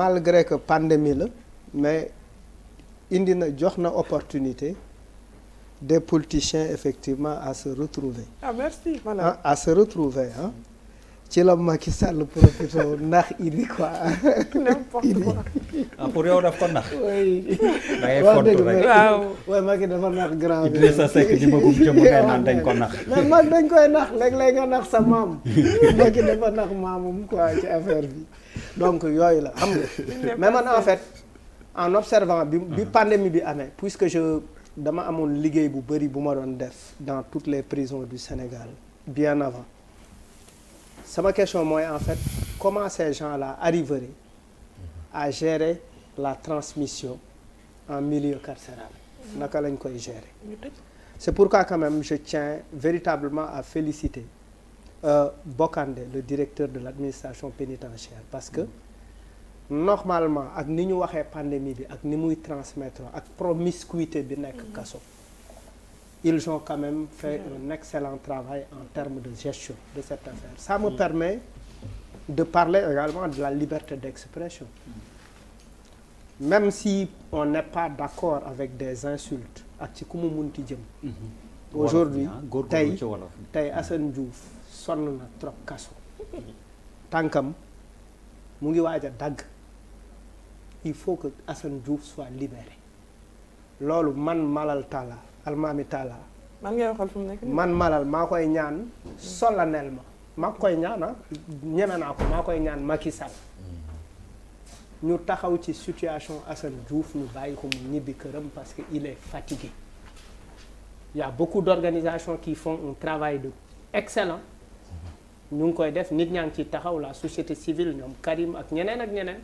malgré que pandémie la mais indi na jox na opportunité des politiciens effectivement à se retrouver ah, ah, à se retrouver ah ci la Macky Sall profité ndax Idy quoi. n'importe quoi ah pour yow daf ko nax. oui da ngay fontu rek waaw. waaw Macky dafa nax grand bi. ma gum jëm ngay naan ko nax. ci affaire bi. donc yooyu la xam nga mais man en fait en observant bi bi pandémie bi amee puisque je dama amoon liggéey bu bëri bu ma doon def dans toutes les prisons du Sénégal bien avant sama question mooy en fait comment ces gens-là arriveraient à gérer la transmission en milieu carcéral naka lañ koy gérer c'est pourquoi quand même je tiens véritablement à féliciter Euh, bokkande le directeur de l'administration pénitentiaire parce que normalement ak ni ñu waxee pandémie bi ak ni muy transmettre ak promiscuité bi nekk mm-hmm. kaso ils ont quand même fait mm-hmm. un excellent travail en termes de gestion de cette affaire ça me mm-hmm. permet de parler également de la liberté d'expression même si on n'est pas d'accord avec des insultes ak ci ku mu munti jëm aujourd'hui ah, tey tey Assane sonn na trop kaso tànkam mu ngi waaj a dagg il faut que Assane Diouf soit libéré loolu man malal tala almaami tala man mu man malal maa koy ñaan solennellement maa koy ñaan ah ñeme naa ko maa koy ñaan Macky Sall ñu taxaw ci situation Assane Diouf ñu bàyyi ko mu ñibbi këram parce que il est fatigué il y beaucoup d'organisations qui font un travail de excellent ñu ngi koy def nit ñaa ngi ci taxaw la société civile ñoom Karim ak ñeneen ak ñeneen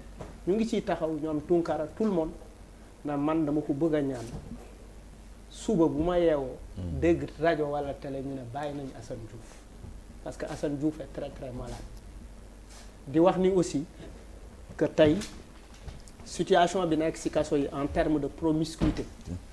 ñu ngi ciy taxaw ñoom Tunkara tout le monde na man dama ko bëgg a ñaan suba bu ma yeewoo. Hmm. dégg rajo wala télé ñu ne bàyyi nañu Assane Diouf parce que Assane Diouf est très très malade di wax ni aussi que tey situation bi nekk ci yi en termes de promiscuité hmm.